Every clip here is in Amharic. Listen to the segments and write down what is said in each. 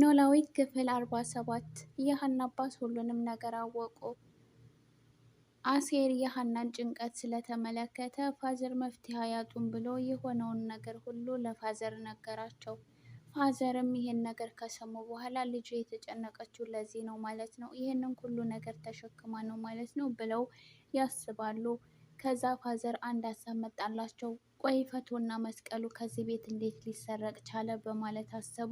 ኖላዊ ክፍል 47 ሰባት የሀና አባት ሁሉንም ነገር አወቁ። አሴር የሀናን ጭንቀት ስለተመለከተ ፋዘር መፍትሄ ያጡም ብሎ የሆነውን ነገር ሁሉ ለፋዘር ነገራቸው። ፋዘርም ይህን ነገር ከሰሙ በኋላ ልጁ የተጨነቀችው ለዚህ ነው ማለት ነው፣ ይህንን ሁሉ ነገር ተሸክማ ነው ማለት ነው ብለው ያስባሉ። ከዛ ፋዘር አንድ ሀሳብ መጣላቸው። ቆይ ፈቶና መስቀሉ ከዚህ ቤት እንዴት ሊሰረቅ ቻለ በማለት አሰቡ።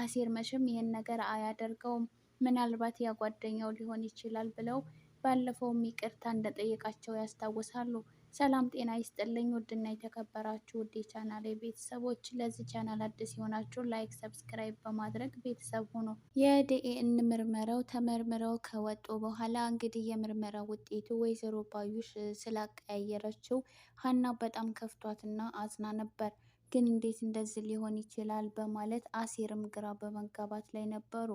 አሴር መቼም ይሄን ነገር አያደርገውም፣ ምናልባት ያጓደኛው ሊሆን ይችላል ብለው ባለፈውም ይቅርታ እንደጠየቃቸው ያስታውሳሉ። ሰላም ጤና ይስጥልኝ ውድና የተከበራችሁ ውድ የቻናሌ ቤተሰቦች፣ ለዚህ ቻናል አዲስ የሆናችሁ ላይክ፣ ሰብስክራይብ በማድረግ ቤተሰብ ሆኖ የዲኤን ምርመራው ተመርምረው ከወጡ በኋላ እንግዲህ የምርመራ ውጤቱ ወይዘሮ ባዩሽ ስላቀያየረችው ሀና በጣም ከፍቷትና አዝና ነበር። ግን እንዴት እንደዚህ ሊሆን ይችላል በማለት አሴርም ግራ በመጋባት ላይ ነበሩ።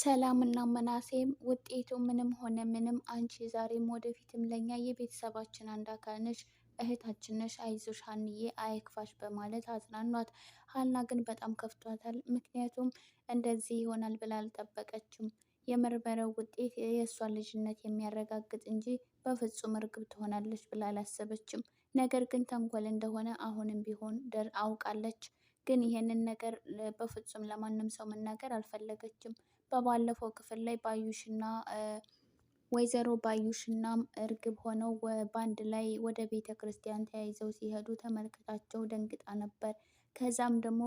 ሰላምና መናሴም ውጤቱ ምንም ሆነ ምንም አንቺ ዛሬም ወደፊትም ለእኛ የቤተሰባችን አንድ አካል ነሽ እህታችን ነሽ፣ አይዞሽ ሀንዬ አይክፋሽ በማለት አጽናኗት። ሀና ግን በጣም ከፍቷታል። ምክንያቱም እንደዚህ ይሆናል ብላ አልጠበቀችም። የምርመራው ውጤት የእሷን ልጅነት የሚያረጋግጥ እንጂ በፍጹም እርግብ ትሆናለች ብላ አላሰበችም። ነገር ግን ተንኮል እንደሆነ አሁንም ቢሆን ደር አውቃለች። ግን ይህንን ነገር በፍጹም ለማንም ሰው መናገር አልፈለገችም። በባለፈው ክፍል ላይ ባዩሽና ወይዘሮ ባዩሽና እርግብ ሆነው በአንድ ላይ ወደ ቤተ ክርስቲያን ተያይዘው ሲሄዱ ተመልክታቸው ደንግጣ ነበር። ከዛም ደግሞ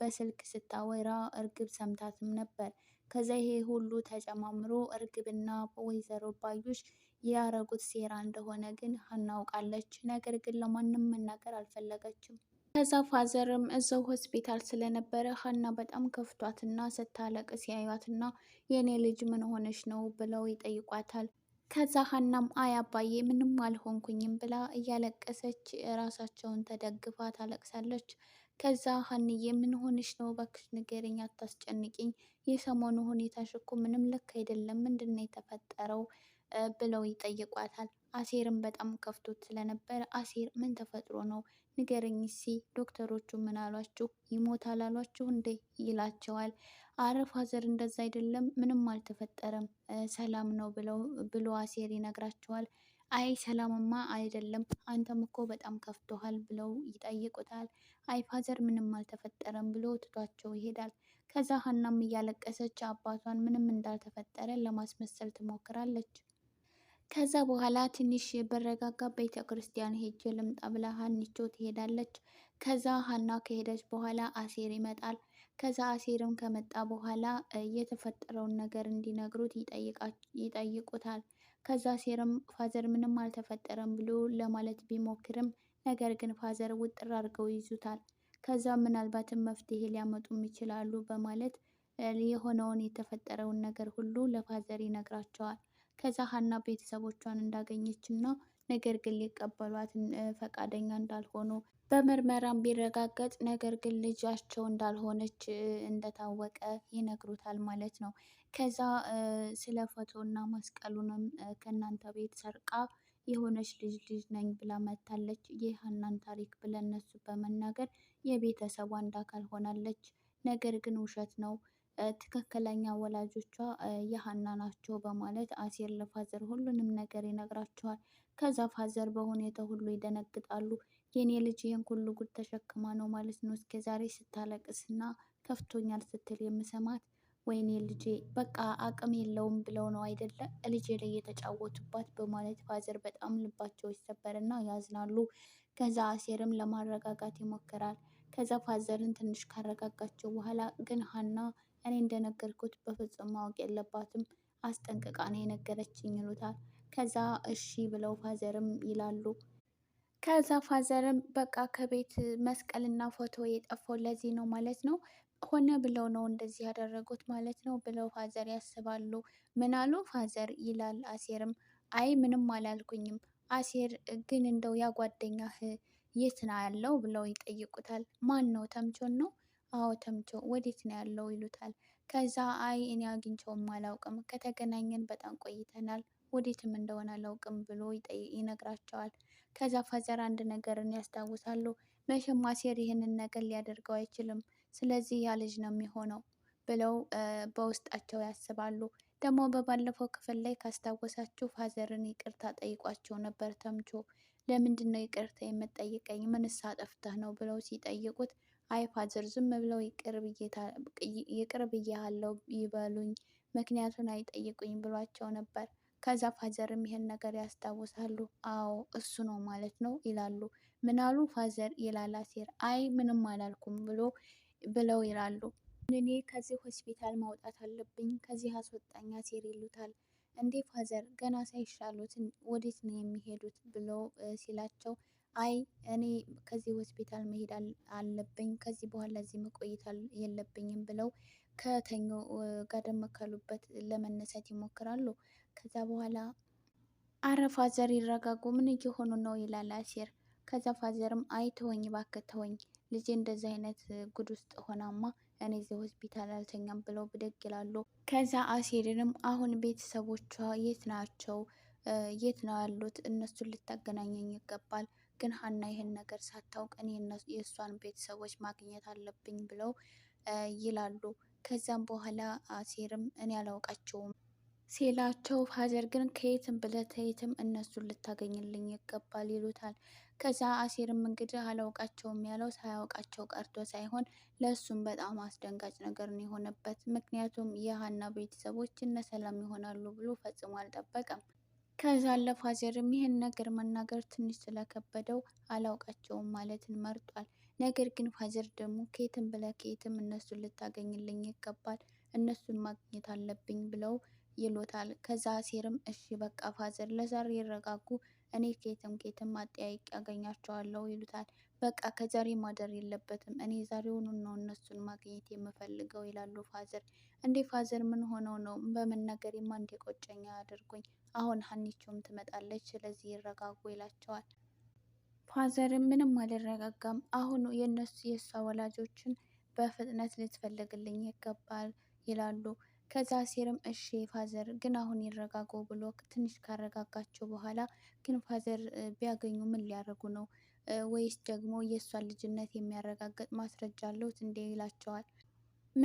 በስልክ ስታወራ እርግብ ሰምታትም ነበር። ከዛ ይሄ ሁሉ ተጨማምሮ እርግብና ወይዘሮ ባዩሽ ያረጉት ሴራ እንደሆነ ግን እናውቃለች። ነገር ግን ለማንም መናገር አልፈለገችም። ከዛ ፋዘርም እዛው ሆስፒታል ስለነበረ ሀና በጣም ከፍቷትና ስታለቅ ሲያዩትና የእኔ ልጅ ምን ሆነች ነው ብለው ይጠይቋታል። ከዛ ሀናም አይ አባዬ ምንም አልሆንኩኝም ብላ እያለቀሰች ራሳቸውን ተደግፋ ታለቅሳለች። ከዛ ሀንዬ ምን ሆነች ነው እባክሽ ንገረኝ፣ አታስጨንቂኝ። የሰሞኑ ሁኔታሽ እኮ ምንም ልክ አይደለም። ምንድን ነው የተፈጠረው? ብለው ይጠይቋታል። አሴርም በጣም ከፍቶት ስለነበረ አሴር ምን ተፈጥሮ ነው ንገረኝ፣ ሲ ዶክተሮቹ ምን አሏችሁ? ይሞታል አሏችሁ እንዴ? ይላቸዋል። አረ ፋዘር እንደዛ አይደለም ምንም አልተፈጠረም ሰላም ነው ብሎ አሴር ይነግራቸዋል። አይ ሰላምማ አይደለም አንተም እኮ በጣም ከፍቶሃል ብለው ይጠይቁታል። አይ ፋዘር ምንም አልተፈጠረም ብሎ ትቷቸው ይሄዳል። ከዛ ሀናም እያለቀሰች አባቷን ምንም እንዳልተፈጠረ ለማስመሰል ትሞክራለች። ከዛ በኋላ ትንሽ በረጋጋ ቤተ ክርስቲያን ሄጅ ልምጣ ብላ ሀንቾ ትሄዳለች። ከዛ ሀና ከሄደች በኋላ አሴር ይመጣል። ከዛ አሴርም ከመጣ በኋላ የተፈጠረውን ነገር እንዲነግሩት ይጠይቁታል። ከዛ አሴርም ፋዘር ምንም አልተፈጠረም ብሎ ለማለት ቢሞክርም ነገር ግን ፋዘር ውጥር አድርገው ይዙታል። ከዛ ምናልባትም መፍትሄ ሊያመጡም ይችላሉ በማለት የሆነውን የተፈጠረውን ነገር ሁሉ ለፋዘር ይነግራቸዋል። ከዛ ሀና ቤተሰቦቿን እንዳገኘች እና ነገር ግን ሊቀበሏት ፈቃደኛ እንዳልሆኑ በምርመራም ቢረጋገጥ ነገር ግን ልጃቸው እንዳልሆነች እንደታወቀ ይነግሩታል ማለት ነው። ከዛ ስለ ፎቶና መስቀሉንም ከእናንተ ቤት ሰርቃ የሆነች ልጅ ልጅ ነኝ ብላ መታለች። ይህ ሀናን ታሪክ ብለነሱ በመናገር የቤተሰቧ እንዳካል አካል ሆናለች። ነገር ግን ውሸት ነው። ትክክለኛ ወላጆቿ የሀና ናቸው በማለት አሴር ለፋዘር ሁሉንም ነገር ይነግራቸዋል። ከዛ ፋዘር በሁኔታ ሁሉ ይደነግጣሉ። የኔ ልጅ ይህን ሁሉ ጉድ ተሸክማ ነው ማለት ነው እስከ ዛሬ ስታለቅስና ከፍቶኛል ስትል የምሰማት። ወይኔ ልጄ በቃ አቅም የለውም ብለው ነው አይደለም ልጄ ላይ የተጫወቱባት በማለት ፋዘር በጣም ልባቸው ይሰበርና ያዝናሉ። ከዛ አሴርም ለማረጋጋት ይሞክራል። ከዛ ፋዘርን ትንሽ ካረጋጋቸው በኋላ ግን ሀና እኔ እንደነገርኩት በፍጹም ማወቅ የለባትም አስጠንቅቃ ነው የነገረችኝ ይሉታል። ከዛ እሺ ብለው ፋዘርም ይላሉ። ከዛ ፋዘርም በቃ ከቤት መስቀልና ፎቶ የጠፋው ለዚህ ነው ማለት ነው ሆነ ብለው ነው እንደዚህ ያደረጉት ማለት ነው ብለው ፋዘር ያስባሉ። ምን አሉ ፋዘር ይላል አሴርም አይ ምንም አላልኩኝም። አሴር ግን እንደው ያጓደኛህ ጓደኛህ የት ነው ያለው ብለው ይጠይቁታል። ማን ነው ተምቾን ነው አዎ ተምቾ ወዴት ነው ያለው ይሉታል። ከዛ አይ እኔ አግኝቸውም አላውቅም ከተገናኘን በጣም ቆይተናል ወዴትም እንደሆነ አላውቅም ብሎ ይነግራቸዋል። ከዛ ፋዘር አንድ ነገርን ያስታውሳሉ። መቼም አሴር ይህንን ነገር ሊያደርገው አይችልም ስለዚህ ያ ልጅ ነው የሚሆነው ብለው በውስጣቸው ያስባሉ። ደግሞ በባለፈው ክፍል ላይ ካስታወሳችሁ ፋዘርን ይቅርታ ጠይቋቸው ነበር ተምቾ ለምንድን ነው ይቅርታ የምጠይቀኝ? ምንስ አጠፍተህ ነው ብለው ሲጠይቁት አይ ፋዘር ዝም ብለው ይቅርብ እያለው ይበሉኝ፣ ምክንያቱን አይጠይቁኝ ብሏቸው ነበር። ከዛ ፋዘርም ይሄን ነገር ያስታውሳሉ። አዎ እሱ ነው ማለት ነው ይላሉ። ምናሉ ፋዘር ይላል አሴር። አይ ምንም አላልኩም ብሎ ብለው ይላሉ። እኔ ከዚህ ሆስፒታል ማውጣት አለብኝ፣ ከዚህ አስወጣኝ አሴር ይሉታል። እንዴ ፋዘር ገና ሳይሻሉት ወዴት ነው የሚሄዱት ብለው ሲላቸው አይ እኔ ከዚህ ሆስፒታል መሄድ አለብኝ፣ ከዚህ በኋላ እዚህ መቆየት የለብኝም ብለው ከተኙ ጋር ደመከሉበት ለመነሳት ይሞክራሉ። ከዛ በኋላ አረ ፋዘር ይረጋጉ፣ ምን እየሆኑ ነው ይላል አሴር። ከዛ ፋዘርም አይ ተወኝ እባክህ ተወኝ፣ ልጄ እንደዚህ አይነት ጉድ ውስጥ ሆናማ እኔ እዚህ ሆስፒታል አልተኛም ብለው ብድግ ይላሉ። ከዛ አሴርንም አሁን ቤተሰቦቿ የት ናቸው? የት ነው ያሉት? እነሱን ልታገናኘኝ ይገባል ግን ሀና ይህን ነገር ሳታውቅ እኔ የእሷን ቤተሰቦች ማግኘት አለብኝ ብለው ይላሉ። ከዛም በኋላ አሴርም እኔ አላውቃቸውም ሲላቸው፣ ፋዘር ግን ከየትም ብለህ ተየትም እነሱን ልታገኝልኝ ይገባል ይሉታል። ከዛ አሴርም እንግዲህ አላውቃቸውም ያለው ሳያውቃቸው ቀርቶ ሳይሆን ለእሱም በጣም አስደንጋጭ ነገር ነው የሆነበት። ምክንያቱም የሀና ቤተሰቦች እነ ሰላም ይሆናሉ ብሎ ፈጽሞ አልጠበቀም። ከዛ ለፋዘርም ይህን ነገር መናገር ትንሽ ስለከበደው አላውቃቸውም ማለትን መርጧል። ነገር ግን ፋዘር ደግሞ ከየትም ብለ ከየትም እነሱን ልታገኝልኝ ይገባል፣ እነሱን ማግኘት አለብኝ ብለው ይሎታል። ከዛ ሴርም እሺ በቃ ፋዘር ለዛሬ ይረጋጉ፣ እኔ ከየትም ከየትም አጠያይቅ ያገኛቸዋለሁ ይሉታል። በቃ ከዛሬ ማደር የለበትም እኔ ዛሬውኑ ነው እነሱን ማግኘት የምፈልገው ይላሉ ፋዘር። እንዴ ፋዘር ምን ሆነው ነው? በመናገሬማ ቆጨኛ አያድርጉኝ አሁን ሀኒቾም ትመጣለች። ስለዚህ ይረጋጉ ይላቸዋል። ፋዘርም ምንም አልረጋጋም። አሁን የእነሱ የእሷ ወላጆችን በፍጥነት ልትፈልግልኝ ይገባል ይላሉ። ከዛ ሴርም እሺ ፋዘር ግን አሁን ይረጋጉ ብሎ ትንሽ ካረጋጋቸው በኋላ ግን ፋዘር ቢያገኙ ምን ሊያደርጉ ነው? ወይስ ደግሞ የእሷን ልጅነት የሚያረጋግጥ ማስረጃ አለውት እንዴ? ይላቸዋል።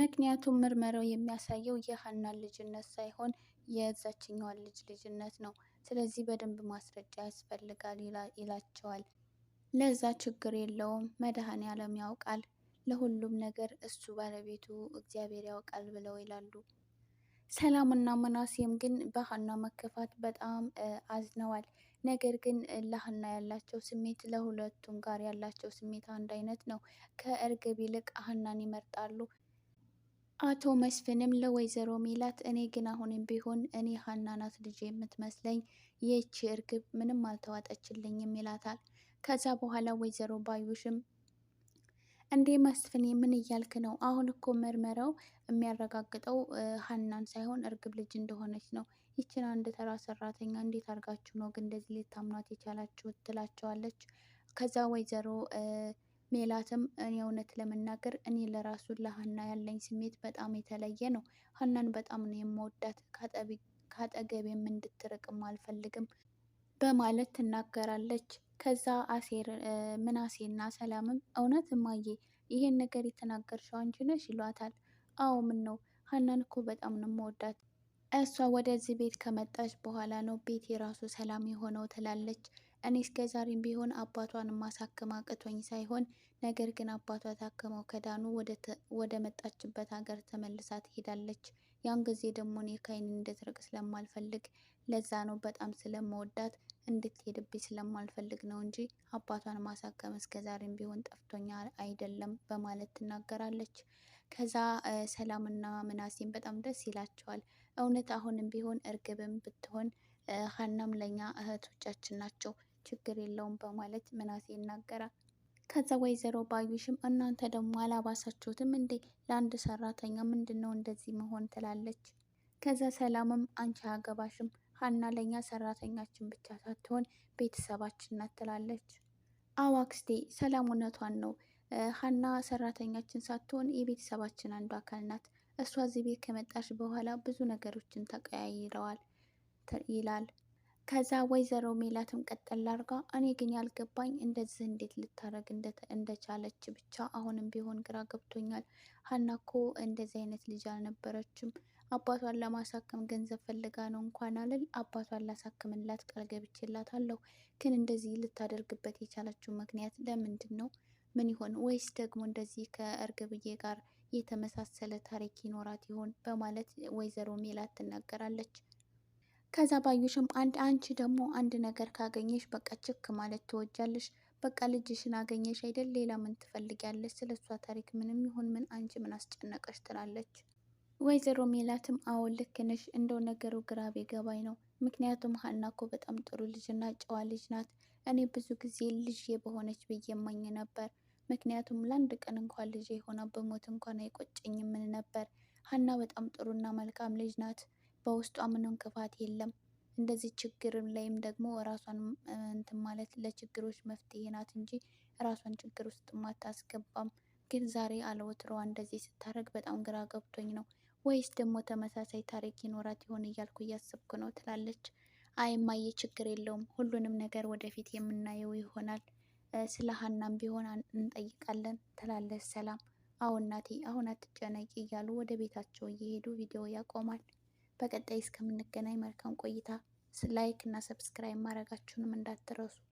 ምክንያቱም ምርመራው የሚያሳየው የሀና ልጅነት ሳይሆን የዛችኛዋን ልጅ ልጅነት ነው። ስለዚህ በደንብ ማስረጃ ያስፈልጋል ይላቸዋል። ለዛ ችግር የለውም መድኃኔ ዓለም ያውቃል፣ ለሁሉም ነገር እሱ ባለቤቱ እግዚአብሔር ያውቃል ብለው ይላሉ። ሰላምና ምናሴም ግን በሀና መከፋት በጣም አዝነዋል። ነገር ግን ለሀና ያላቸው ስሜት ለሁለቱም ጋር ያላቸው ስሜት አንድ አይነት ነው። ከእርግብ ይልቅ ሀናን ይመርጣሉ። አቶ መስፍንም ለወይዘሮ ሜላት እኔ ግን አሁንም ቢሆን እኔ ሀና ናት ልጅ የምትመስለኝ ይህቺ እርግብ ምንም አልተዋጠችልኝም ይላታል። ከዛ በኋላ ወይዘሮ ባዩሽም እንዴ መስፍኔ ምን እያልክ ነው? አሁን እኮ ምርመራው የሚያረጋግጠው ሀናን ሳይሆን እርግብ ልጅ እንደሆነች ነው። ይችን አንድ ተራ ሰራተኛ እንዴት አድርጋችሁ ነው ግን እንደዚህ ልታምኗት የቻላችሁ? ትላቸዋለች። ከዛ ወይዘሮ ሜላትም እኔ እውነት ለመናገር እኔ ለራሱ ለሀና ያለኝ ስሜት በጣም የተለየ ነው። ሀናን በጣም ነው የምወዳት፣ ካጠገቤም እንድትርቅም አልፈልግም በማለት ትናገራለች። ከዛ አሴር ምናሴና ሰላምም እውነት እማዬ ይሄን ነገር የተናገርሽው አንቺ ነሽ ይሏታል። አዎ ምን ነው ሀናን እኮ በጣም ነው የምወዳት እሷ ወደዚህ ቤት ከመጣች በኋላ ነው ቤት የራሱ ሰላም የሆነው ትላለች። እኔ እስከ ዛሬም ቢሆን አባቷን ማሳከም አቅቶኝ ሳይሆን ነገር ግን አባቷ ታከመው ከዳኑ ወደ መጣችበት ሀገር ተመልሳ ትሄዳለች። ያን ጊዜ ደግሞ እኔ ከአይን እንድትርቅ ስለማልፈልግ ለዛ ነው በጣም ስለመወዳት እንድትሄድብኝ ስለማልፈልግ ነው እንጂ አባቷን ማሳከም እስከ ዛሬም ቢሆን ጠፍቶኛ አይደለም በማለት ትናገራለች። ከዛ ሰላምና ምናሴም በጣም ደስ ይላቸዋል። እውነት አሁንም ቢሆን እርግብም ብትሆን ሀናም ለኛ እህቶቻችን ናቸው። ችግር የለውም በማለት ምናሴ ይናገራል። ከዛ ወይዘሮ ባዩሽም እናንተ ደግሞ አላባሳችሁትም እንዴ ለአንድ ሰራተኛ ምንድን ነው እንደዚህ መሆን ትላለች። ከዛ ሰላምም አንቺ አገባሽም ሀና ለእኛ ሰራተኛችን ብቻ ሳትሆን ቤተሰባችን ናት ትላለች። አዎ አክስቴ ሰላም እውነቷን ነው። ሀና ሰራተኛችን ሳትሆን የቤተሰባችን አንዱ አካል ናት። እሷ እዚህ ቤት ከመጣሽ በኋላ ብዙ ነገሮችን ተቀያይረዋል ይላል። ከዛ ወይዘሮ ሜላትም ቀጠል አድርጋ እኔ ግን ያልገባኝ እንደዚህ እንዴት ልታረግ እንደቻለች ብቻ አሁንም ቢሆን ግራ ገብቶኛል። ሀና እኮ እንደዚህ አይነት ልጅ አልነበረችም። አባቷን ለማሳከም ገንዘብ ፈልጋ ነው እንኳን አልል አባቷን ላሳክምላት ቃል ገብቼላታለሁ። ግን እንደዚህ ልታደርግበት የቻለችው ምክንያት ለምንድን ነው? ምን ይሆን? ወይስ ደግሞ እንደዚህ ከእርግብዬ ጋር የተመሳሰለ ታሪክ ይኖራት ይሆን በማለት ወይዘሮ ሜላት ትናገራለች። ከዛ ባዩሽም አንድ አንቺ ደግሞ አንድ ነገር ካገኘሽ በቃ ችክ ማለት ትወጃለሽ። በቃ ልጅሽን አገኘሽ አይደል? ሌላ ምን ትፈልጊያለሽ? ስለ እሷ ታሪክ ምንም ይሁን ምን አንቺ ምን አስጨነቀሽ? ትላለች ወይዘሮ ሜላትም አዎ ልክ ነሽ፣ እንደው ነገሩ ግራ ቢገባኝ ነው። ምክንያቱም ሀና እኮ በጣም ጥሩ ልጅና ጨዋ ልጅ ናት። እኔ ብዙ ጊዜ ልጄ በሆነች ብዬ እመኝ ነበር። ምክንያቱም ለአንድ ቀን እንኳን ልጄ ሆና በሞት እንኳን አይቆጨኝም ምን ነበር። ሀና በጣም ጥሩና መልካም ልጅ ናት። በውስጧ ምንም ክፋት የለም። እንደዚህ ችግር ላይም ደግሞ ራሷን እንትን ማለት ለችግሮች መፍትሄ ናት እንጂ ራሷን ችግር ውስጥ ማታስገባም። ግን ዛሬ አለወትሮዋ እንደዚህ ስታደርግ በጣም ግራ ገብቶኝ ነው። ወይስ ደግሞ ተመሳሳይ ታሪክ ይኖራት ይሆን እያልኩ እያሰብኩ ነው ትላለች። አይ እማዬ ችግር የለውም ሁሉንም ነገር ወደፊት የምናየው ይሆናል። ስለ ሀናም ቢሆን እንጠይቃለን ትላለች ሰላም። አዎ እናቴ አሁን አትጨነቂ እያሉ ወደ ቤታቸው እየሄዱ ቪዲዮ ያቆማል። በቀጣይ እስከምንገናኝ መልካም ቆይታ። ላይክ እና ሰብስክራይብ ማድረጋችሁንም እንዳትረሱ።